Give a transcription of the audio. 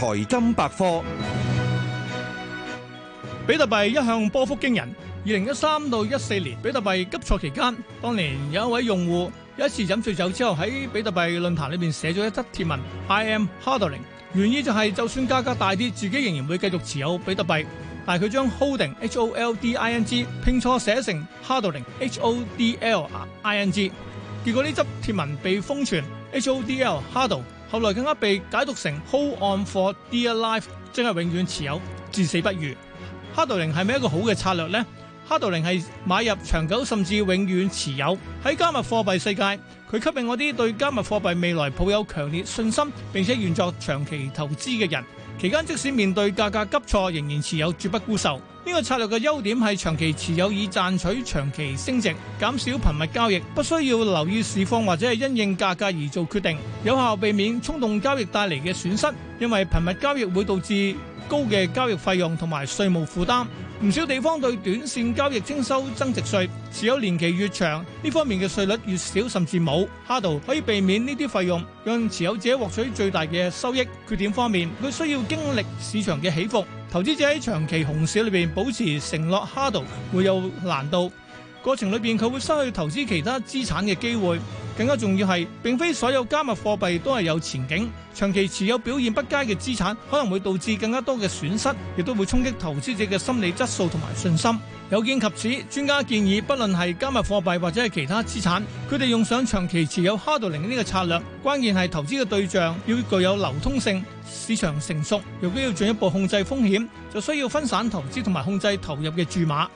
財金百科，比特幣一向波幅驚人。二零一三到一四年，比特幣急挫期間，當年有一位用戶一次飲醉酒之後喺比特幣論壇裏面寫咗一則貼文，I am h a r d i n g 原意就係就算價格大跌，自己仍然會繼續持有比特幣。但係佢將 holding（H O L D I N G） 拼錯寫成 hardling（H O D L I N G），結果呢則貼文被封存，H O D L hardling。後來更加被解讀成 Hold on for dear life，即係永遠持有，至死不渝。HODLing 係咪一個好嘅策略呢？HODL 係買入長久甚至永遠持有。喺加密貨幣世界，佢吸引我啲對加密貨幣未來抱有強烈信心並且願作長期投資嘅人。期間即使面對價格急挫，仍然持有，絕不沽售。呢個策略嘅優點係長期持有以賺取長期升值，減少頻密交易，不需要留意市況或者係因應價格而做決定，有效避免衝動交易帶嚟嘅損失，因為頻密交易會導致高嘅交易費用同埋稅務負擔，唔少地方對短綫交易徵收增值稅，持有年期越長，呢方面嘅稅率越少甚至冇。HODL 可以避免呢啲費用，讓持有者獲取最大嘅收益。缺點方面，佢需要經歷市場嘅起伏，投資者喺長期熊市裏邊保持承諾 HODL 會有難度。過程裏邊，佢會失去投資其他資產嘅機會。更加重要係並非所有加密貨幣都係有前景。長期持有表現不佳嘅資產可能會導致更加多嘅損失，亦都會衝擊投資者嘅心理質素同埋信心。有見及此，專家建議不論係加密貨幣或者係其他資產，佢哋用上長期持有哈道 r 呢個策略。關鍵係投資嘅對象要具有流通性、市場成熟。如果要進一步控制風險，就需要分散投資同埋控制投入嘅注碼。